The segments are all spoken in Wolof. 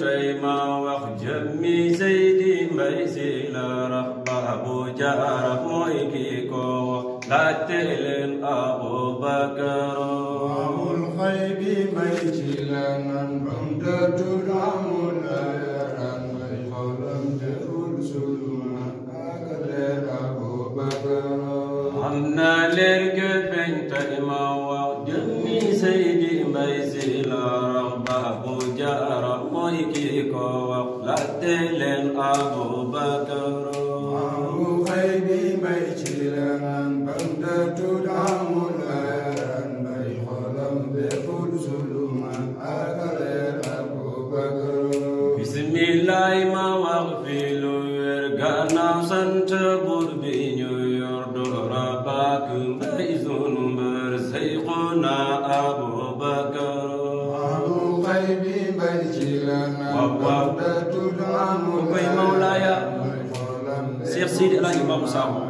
تيما وخجمي سيدي ميسي لا رحبة أبو جارب مويكيكو لاتلين أبو بكر أبو الخيب ميسي لا ننبم تترام لا يران ويخولم تقول سلوما أكدر أبو بكر عنا لرقب تيما وخجمي سيدي ميسي لا رحبة jaara mooy kii ko wax la tee leen Abubakar waaw waaw ku koy mawlaaya Cheikh Seydi El Hadji Babou Sakho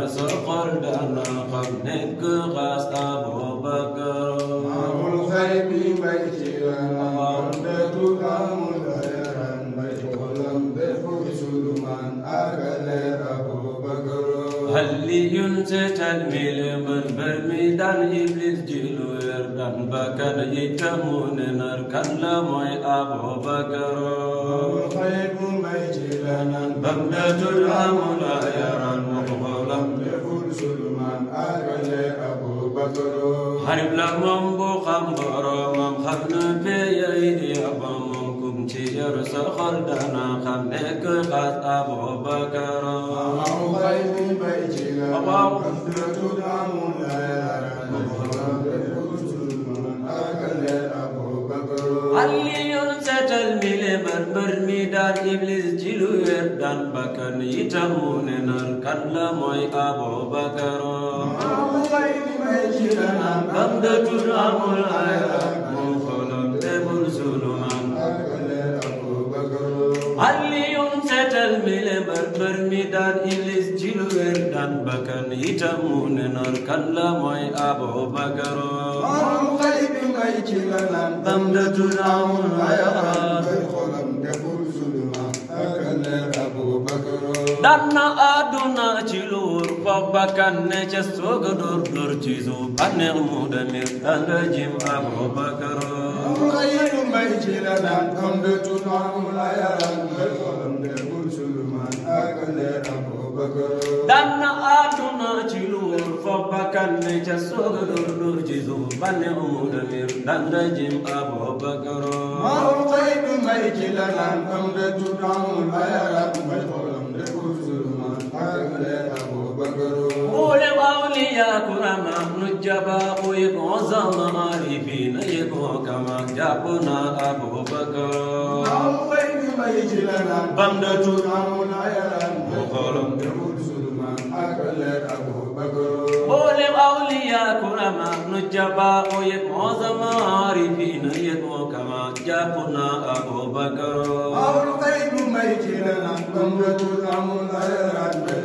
در سقر در قبل نك غاست أبو بكر أبو الخيب بيتي ومردتك مدهرا مجهولا بحب سلمان أكل أبو بكر هل ينسى تلميل من برميدان إبليس جلو يردان بكر يتمون نركن لمي أبو بكر أبو الخيب بيتي لنا بمدة الأمر harib la moom bu xam boroomam xam na béyay yaba moom kum ci yor sa xol dana xam ne koy xaas Abubakar Ali mbër mi daan iblis ci lu wér daan bakkan itam mu kan la mooy Abubakar am dëtul amul ay rab mu xolom tebul sunu am Aliyun seetal mi le mbër mbër mi daan iblis ci lu wér daan bakkan itam mu ne kan la mooy Abubakar am dëtul amul ay rab daan na àdduna ci luur fab bakkan ne ca sooga dóor dóor ci suuf bànneex mu demir daan la jim Abubakar xayiru mbay ci la daan comme de tout noonu la yaram ngay xolam de musulman ak leer Abubakar daan na àdduna ci luur fab bakkan ne ci suuf bànneex mu demir daan la jim Abubakar maa xayiru ci la daan comme de tout noonu la yaram ngay xolam ya kurama nujaba oye bon zama marifina ye bon kama japuna abubaka bamda tu amuna yaran bokolom demud suduman akaler abubaka ole awliya kurama nujaba oye bon zama marifina ye bon kama japuna abubaka awlu qaybu mayjilana bamda tu amuna yaran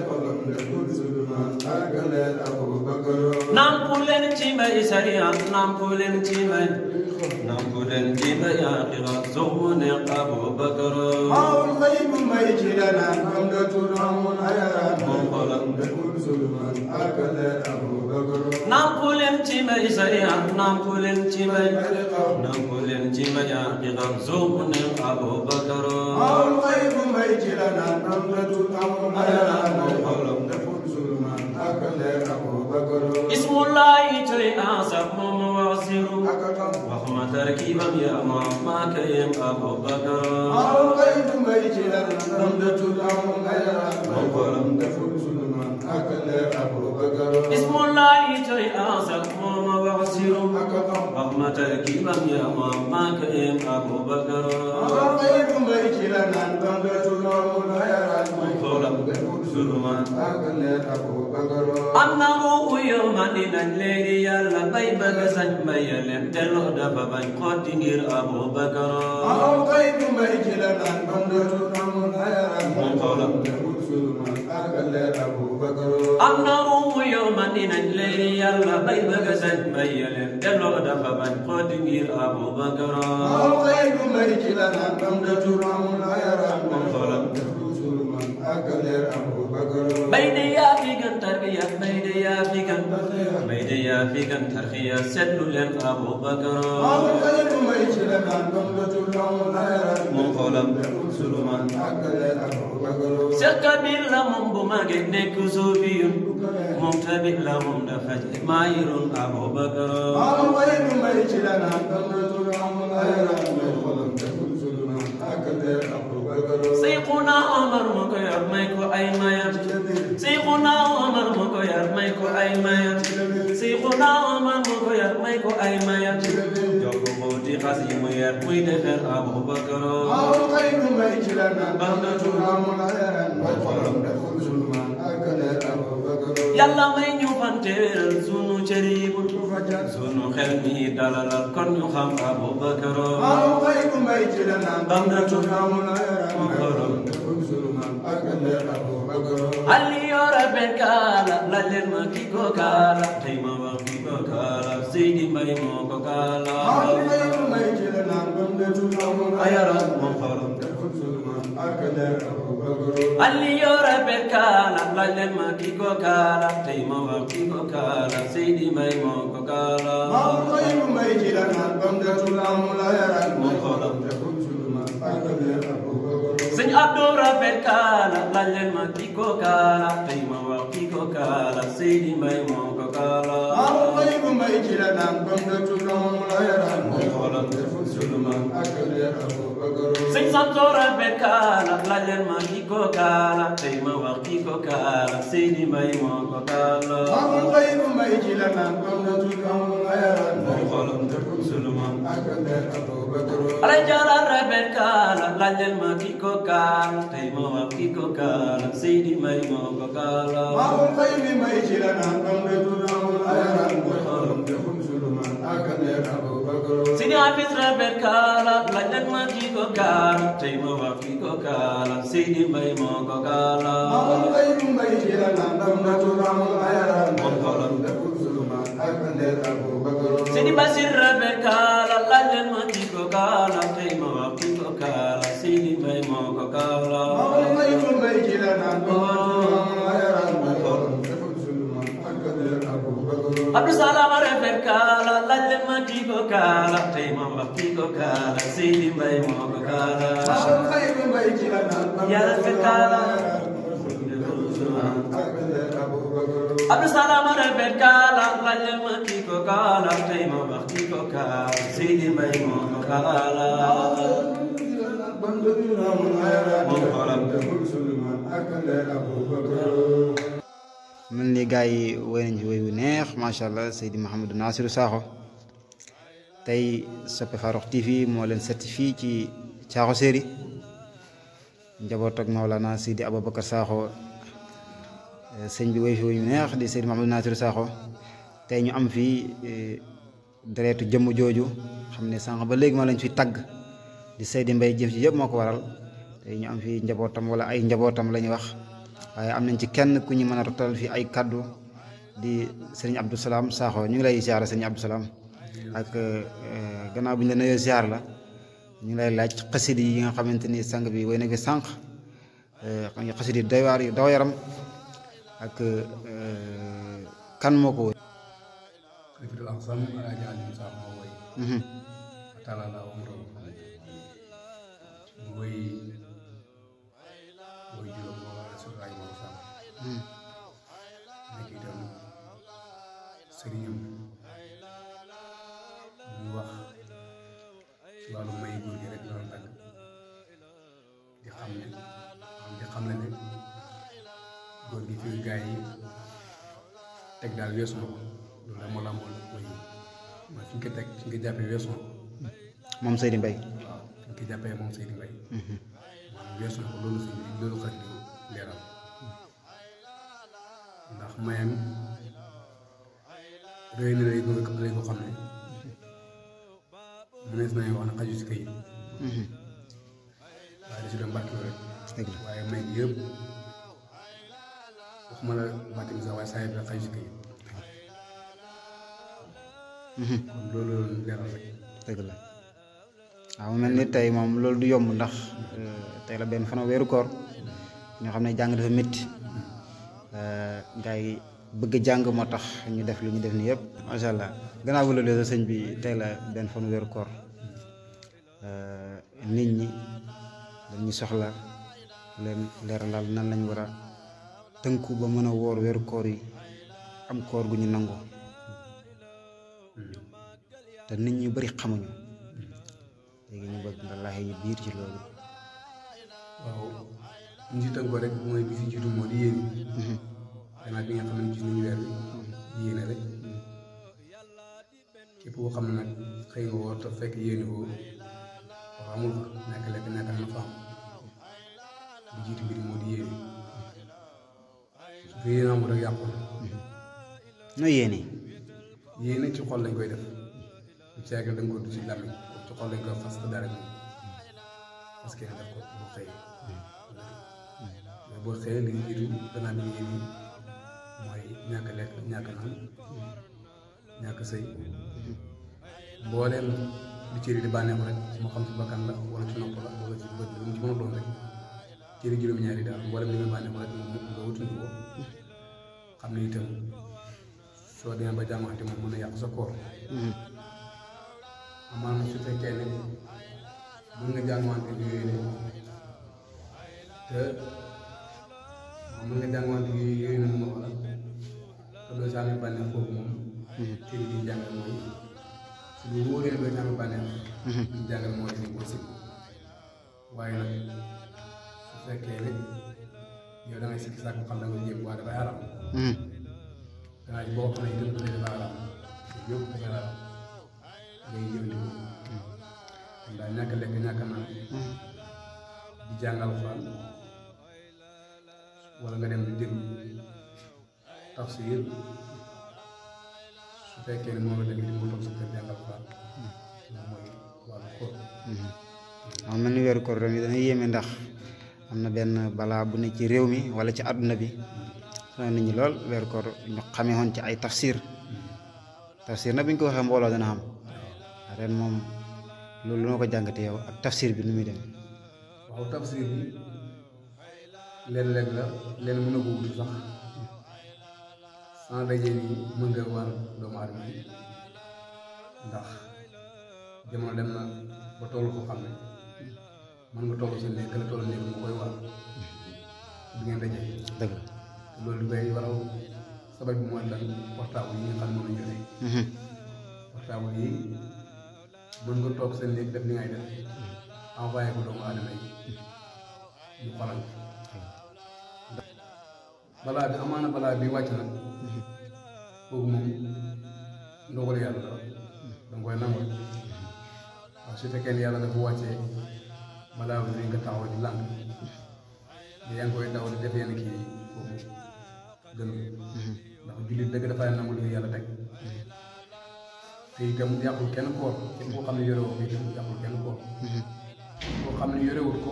إسريات نام بولن تيمي نام بولن تيمي يا قرا زون أبو بكر أو الغيب ما يجينا نام دتنام أيرا مقلم بكل زمان أكل أبو بكر نام بولن تيمي إسريات نام بولن تيمي نام بولن تيمي يا قرا زون أبو بكر أو الغيب ما يجينا imam ya muhammad ya abubakar arqai mai jiran nan da tudamun ayara mafaram da fulsulman akala abubakar ismullahi tai asak kuma wasiru rahmatar imam ya muhammad ya abubakar arqai mai jiran nan da amma mo uyo mani nan leri yalla bay baga sañ mayal delo da babañ ko dingir abu bakar aw qaybu may jilan an bandatu namun ayaram mo qawla amma mo uyo mani nan leri yalla bay baga sañ mayal delo da babañ ko dingir abu bakar aw qaybu may jilan an bandatu namun ayaram mo qawla mbay de yaa fi gën tarbiya mbay de yaa fi gën mbay de yaa fi gën tarbiya seetlu leen Abubakar moom xoolam suluman Seex Kabir la moom bu màggee nekk soobiyun moom tamit la moom dafa je maayirun Abubakar mbay ci la naan ay mayam Seexuna Omar moo ko yar may ko ay mayam Seexuna Omar moo ko yar may ko ay mayam jokk moo di xas yi mu yar muy defar Abubakar ay nu may ci la naan ba na tuuram la yaran ba xolam deful zulmaan ak leer Abubakar yàlla may ñu fante wéral sunu cër yi bu sunu xel mi dalalal kon ñu xam Abubakar ay nu may ci la naan ba na tuuram la yaran Aliyo rabel kaala la leen ma ki ko kaala tey ma wax ki ko kaala Seydi Mbaye moo ko kaala. ayaram moom xarum te ko sulman ak leer Aliyo rabel kaala la leen ma ki ko kaala tey ma wax ki ko kaala Seydi Mbaye moo ko kaala. abdora belkala lallel ma tiko kala tay ma wa tiko kala sidi may mo ko kala awai bu may jira nan bam da tu no mo la yaran ko lan te fu sulma akare abu sëñ Santoro be kaala laaj leen ma kii ko kaala tey ma wax kii ko kaala Seydi Mbaye moo ko kaala. amul xëy nu mbay ci la naan comme na tuut amul ayaan. mooy xolam dëkkum suluman ak ndel Abubakar. alay jaaral rebe kaala laaj leen ma kii ko kaala tey ma wax kii ko kaala Seydi Mbaye moo ko kaala. amul xëy nu mbay ci la naan comme na tuut amul ayaan. mooy xolam dëkkum suluman ak ndel Abubakar. Seydi Hafiz rebe kaala laaj leen ma kii ko kalam tayma wa fi ko kalam sidi may mo ko kalam amal bay dum bay jila na to ram ayara mon kalam ko la len ma ko Abdou Salam refet kaala laaj leen ma kii ko kaala tey ma wax kii ko kaala Seydi Mbaye moo ko kaala. yàlla refet kaala. Abdou Salam refet kaala laaj leen ma kii ko kaala tey ma wax kii ko kaala Seydi Mbaye moo ko kaala. moom xoolal. mel ni gars yi woy nañ woy wu neex macha allah Seydi Mouhamadou Nassirou Sakho tey soppe Farokh TV moo leen certifié ci Sakho Séri njaboot ak Maolana Seydi eh, sëñ bi woy fi woy neex di Seydi Mouhamadou Nassirou Sakho tey ñu am fii eh, dereetu jëmm jooju xam ne sànq ba léegi moo lañ fi tagg di Seydi Mbaye jëm yëpp moo ko waral tey am fii njabootam wala ay njabootam la wax. waaye am nañ ci kenn ku ñu mën a rotal fi ay kaddu di sëriñ Abdou Salam ñu ngi lay ziar sëriñ Abdou Salam ak euh, gannaaw bi la ñu ngi lay laaj xasida yi nga xamante ni sang bi way na fi sànq euh, xasida yi doy waar yu yaram ak euh, kan moo daal weesu na ko loolu daal moo la amoon mooy mooy fi nga teg fi nga jàppee weesu na ko. moom Seydi Mbaye. waaw fi nga jàppee moom Seydi Mbaye. Mhm. moom weesu na ko loolu si loolu xas xam ne mënees nañu si këyit. Mhm. waaye da si doon barkeel rek. la waaye sax waaye saa yëpp rek xaju si këyit. loolu leer rek dëgg la waaw mel ni tey moom loolu du yomb ndax tey la ben fana weeru koor ñoo xam ne dafa métti gars yi bëgg jàng moo ñu def lu ñu def nii yëpp macha allah gannaaw bu loolu sëñ bi tay la ben fana weeru koor nit ñi dañuy soxla leen leeralal nan lañ war a tënku ba mën a koor yi am koor gu ñu nangoo. te nit ñi bari xamuñu léegi ñu bëgg nga laaj ñu biir ci loolu. waaw ñu ci tënk ko rek mooy bi si jiitu moo di yéene. gannaaw bi nga xam ne woo te fekk yéene woo wax jiitu mbir moo di yéene. su ko yéene amul yàqu na. no yéene. ci xol lañ koy def. ci yàgg da nga ko du ci làmmiñ ci xol lañ ko fas ko dara moom parce que daf ko boo xëyee li jiitu danaa ni yéen rek ci bakkan la wala ci nopp la wala ci bët lu mu a doon rek cëri juróom-ñaari daal mbooleem li muy bànneexu rek moom nga wutuñu ko xam ne itam soo demee ba jàmmante moom mën a yàq sa koor amaana su fekkee ne mën nga jàngwante yooyu ne te mën nga jàngwante yooyu yooyu noonu moo waral te doo si amee bànneex foofu moom. Mhm. téere bi jàng mooy su ñu wóoree ba ñu amee bànneex. Mhm. ñu jàng mooy li ko si waaye nag su fekkee ne yow da ngay sikki sàkk xam da nga jéem waaye dafay aram. dafay mhm. boo xam ne yëpp dafay aram yëpp dafay aram. ngay jëfandikoo daa ñàkk tafsir su fekkee ni weeru koor ren yi dana yéeme ndax am na benn balaa bu ne ci réew mi wala ci àdduna bi sonal nit ñi lool weeru koor ñu ci ay tafsir tafsir na bu ñu ko waxee mbooloo dana xam ren moom loolu noo ko jàngatee yow ak tafsir bi nu muy demee. waaw tafsir bi leen leen la leen mën a ko wut sax sans daje ndax jamono dem na ba toolu ko xam ne mën nga toll si nekk la toll nekk mu koy war di ngeen daje. dëgg la loolu day waral sabab bi mooy lan portable yi nga xam moom la ñu jotee. Mhm. yi. mën nga toog seen néeg def li ngay def hmm. envoyé ko doomu aadama yi hmm. ñu xoolal hmm. balaa bi amaana balaa bi wàcc nag boobu moom ndogalu yàlla la danga koy nangu waaw su fekkee ne yàlla dafa wàccee balaa bi nga taxaw di làng te yaa ngi koy daw di def yenn kii foofu gënu ndax jullit dëgg dafay nangu lu yàlla teg te itam yàqul kenn koor képp koo xam ne yorewul ko itam yàqul kenn koor mhm. koo xam ne yorewul ko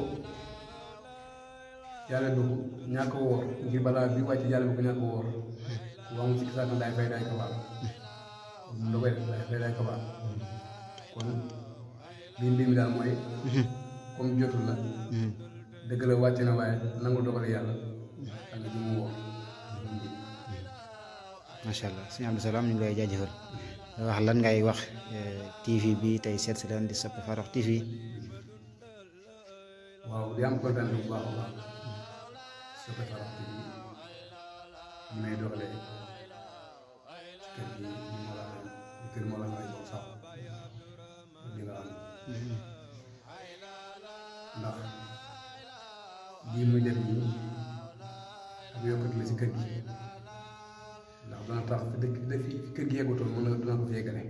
yàlla du ñàkk a woor ngir balaa bi wàcc yàlla bu ko ñàkk a woor mhm. waaw si saaka daay fay daay kabaar mhm. lu koy def daay fay daay kabaar kon lii mbir mi daal mooy comme jotul la dëgg la wàcc na waaye nangu dogal yàlla ak ji mu woor macha allah sëñ Abdou Salam ñu ngi lay jaajëfal wax lan ngay wax eh, TV bi tey seet si leen di TV. waaw di am kontaan bu baax a baax Sope Farokh TV ñu may doxale kër la si kër tax dëkk dafi kër gi yeggutoon mën a dina ko fi yeggale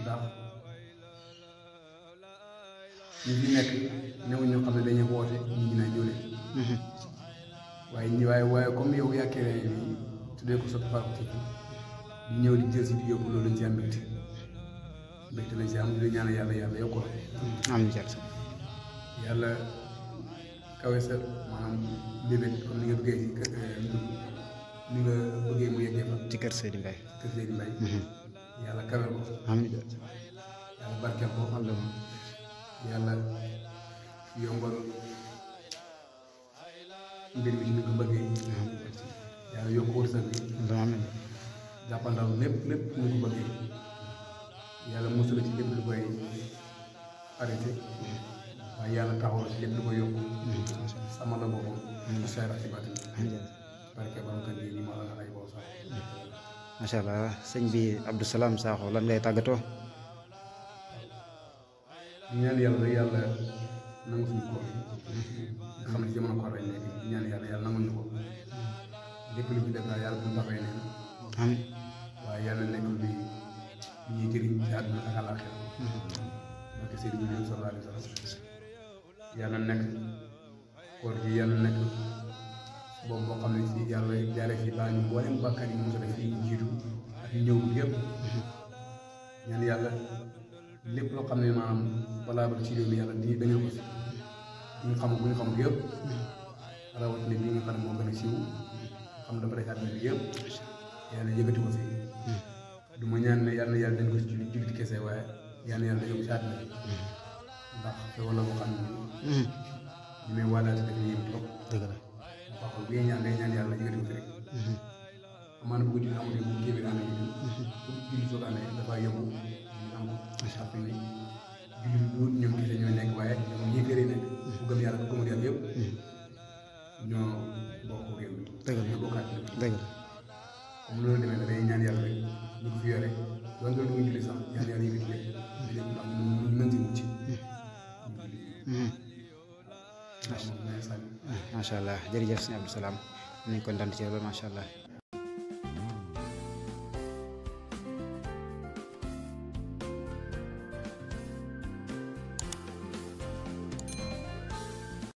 ndax ñi fi nekk ñëw ñoo xam ne dañuy woote ñu ngi naan ñëw waaye ñi waaye waaye comme yow yàkkee nañ ni tuddee ko soppi fàtte di ñëw di jël si di yóbbu loolu lañ ci am mbégte mbégte lañ si am di ñaan yàlla yàlla yow ko. Mhm. am yàlla kawe sa maanaam bébét comme ni nga bëggee si kër eh, ni nga bëggee mu yeggee ci kër Seydi Mbaye mhm. yàlla kawel ko amiin yàlla barkeel ko xam yàlla yombal mbir bi ci ni bëggee yàlla yokk wërsëg bi amiin jàppandal lépp lépp ni ko bëggee yàlla musula ci lépp lu koy arrêté mhm. waaye yàlla taxawal ci lépp lu yokk mhm. sama la boppam seera ci bàtt Masya allah sing bi Abdou Salam sah lan ngay tagato. ñaan yàlla rek nang nangu suñu koor nga xam ne jamono koor lañ nekk ñaan yàlla yàlla nangu ñu ko lépp lu fi def daal yàlla bu ndax ay neen amiin waaye yàlla bi ñuy jëriñ ci àdduna ak àllaaxira barke Seydou sallallahu alayhi boobu boo xam ne si yàlla jaare si baal ñu mboolem bàkkaar yi mu sa def yi jiitu ak ñëw yëpp ñaan yàlla lépp loo xam ne maanaam ba ci réew mi di dañoo ko si ñu xam bu ñu xam yëpp rawatina bi nga xam ne moo gën a siiw xam dafa def àdduna bi yëpp yàlla yëkkati ko si du ma ñaan ne yàlla yàlla dañ ko si julli jullit kese waaye yàlla yàlla yóbbu si ndax te wala boo xam ne ñu may waalaati dañu yëm trop dëgg la waaw kon bu ñuy ñaan day ñaan yàlla yëkkati ko rek. Mm-hmm. amaana bu mm-hmm. ko julli amul jërëjëf sëñ Abdou Salam ko kontaan ci loolu macha allah.